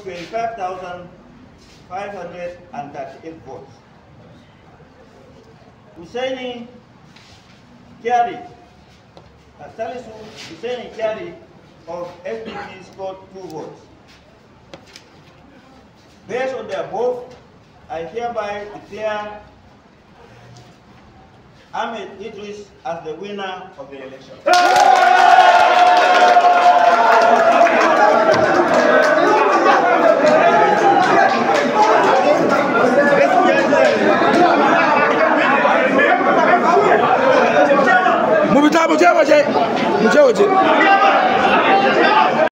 25,538 votes. Husseini Kiari, uh, Salisu Husseini Kiari of SDP scored two votes. Based on the above, I hereby declare Ahmed Idris as the winner of the election. mubitabu cheboche mucheboche